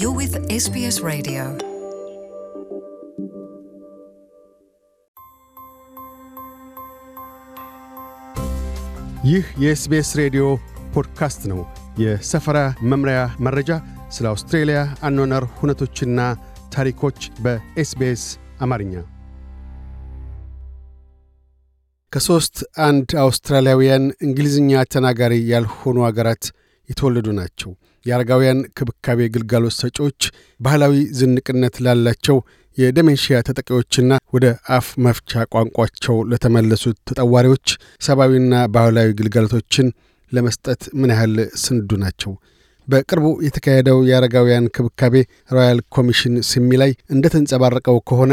You're with SBS Radio. ይህ የኤስቢኤስ ሬዲዮ ፖድካስት ነው። የሰፈራ መምሪያ መረጃ፣ ስለ አውስትሬልያ አኗኗር ሁነቶችና ታሪኮች በኤስቢኤስ አማርኛ ከሦስት አንድ አውስትራሊያውያን እንግሊዝኛ ተናጋሪ ያልሆኑ አገራት የተወለዱ ናቸው። የአረጋውያን ክብካቤ ግልጋሎት ሰጪዎች ባህላዊ ዝንቅነት ላላቸው የደሜንሺያ ተጠቂዎችና ወደ አፍ መፍቻ ቋንቋቸው ለተመለሱት ተጠዋሪዎች ሰብአዊና ባህላዊ ግልጋሎቶችን ለመስጠት ምን ያህል ስንዱ ናቸው? በቅርቡ የተካሄደው የአረጋውያን ክብካቤ ሮያል ኮሚሽን ሲሚ ላይ እንደተንጸባረቀው ከሆነ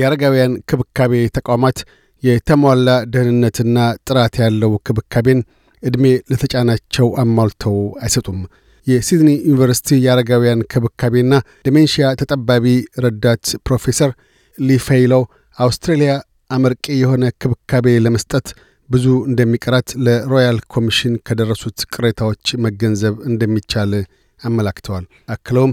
የአረጋውያን ክብካቤ ተቋማት የተሟላ ደህንነትና ጥራት ያለው ክብካቤን ዕድሜ ለተጫናቸው አሟልተው አይሰጡም። የሲድኒ ዩኒቨርሲቲ የአረጋውያን ክብካቤና ደሜንሽያ ተጠባቢ ረዳት ፕሮፌሰር ሊፌይሎ አውስትራሊያ አመርቂ የሆነ ክብካቤ ለመስጠት ብዙ እንደሚቀራት ለሮያል ኮሚሽን ከደረሱት ቅሬታዎች መገንዘብ እንደሚቻል አመላክተዋል። አክለውም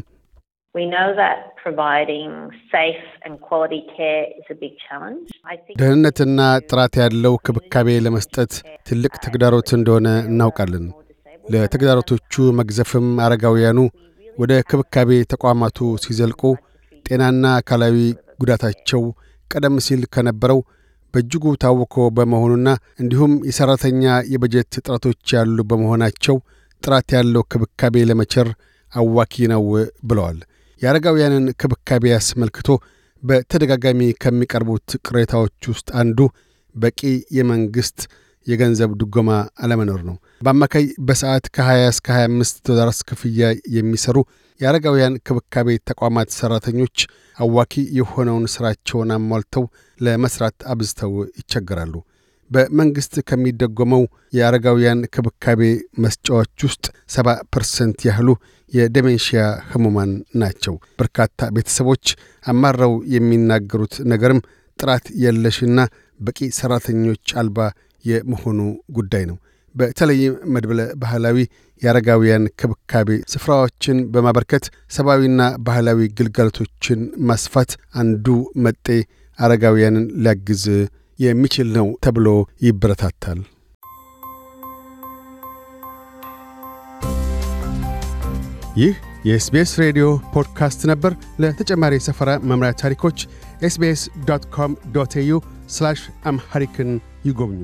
ደህንነትና ጥራት ያለው ክብካቤ ለመስጠት ትልቅ ተግዳሮት እንደሆነ እናውቃለን። ለተግዳሮቶቹ መግዘፍም አረጋውያኑ ወደ ክብካቤ ተቋማቱ ሲዘልቁ ጤናና አካላዊ ጉዳታቸው ቀደም ሲል ከነበረው በእጅጉ ታውኮ በመሆኑና እንዲሁም የሠራተኛ የበጀት እጥረቶች ያሉ በመሆናቸው ጥራት ያለው ክብካቤ ለመቸር አዋኪ ነው ብለዋል። የአረጋውያንን ክብካቤ አስመልክቶ በተደጋጋሚ ከሚቀርቡት ቅሬታዎች ውስጥ አንዱ በቂ የመንግሥት የገንዘብ ድጎማ አለመኖር ነው። በአማካይ በሰዓት ከ20 እስከ 25 ዶላርስ ክፍያ የሚሰሩ የአረጋውያን ክብካቤ ተቋማት ሠራተኞች አዋኪ የሆነውን ሥራቸውን አሟልተው ለመሥራት አብዝተው ይቸገራሉ። በመንግሥት ከሚደጎመው የአረጋውያን ክብካቤ መስጫዎች ውስጥ 70 ፐርሰንት ያህሉ የደሜንሽያ ህሙማን ናቸው። በርካታ ቤተሰቦች አማረው የሚናገሩት ነገርም ጥራት የለሽና በቂ ሠራተኞች አልባ የመሆኑ ጉዳይ ነው። በተለይም መድብለ ባህላዊ የአረጋውያን ክብካቤ ስፍራዎችን በማበርከት ሰብአዊና ባህላዊ ግልጋሎቶችን ማስፋት አንዱ መጤ አረጋውያንን ሊያግዝ የሚችል ነው ተብሎ ይበረታታል። ይህ የኤስቤስ ሬዲዮ ፖድካስት ነበር። ለተጨማሪ የሰፈራ መምሪያ ታሪኮች ኤስቤስ ዶት ኮም ዶት ኤዩ አምሐሪክን ይጎብኙ።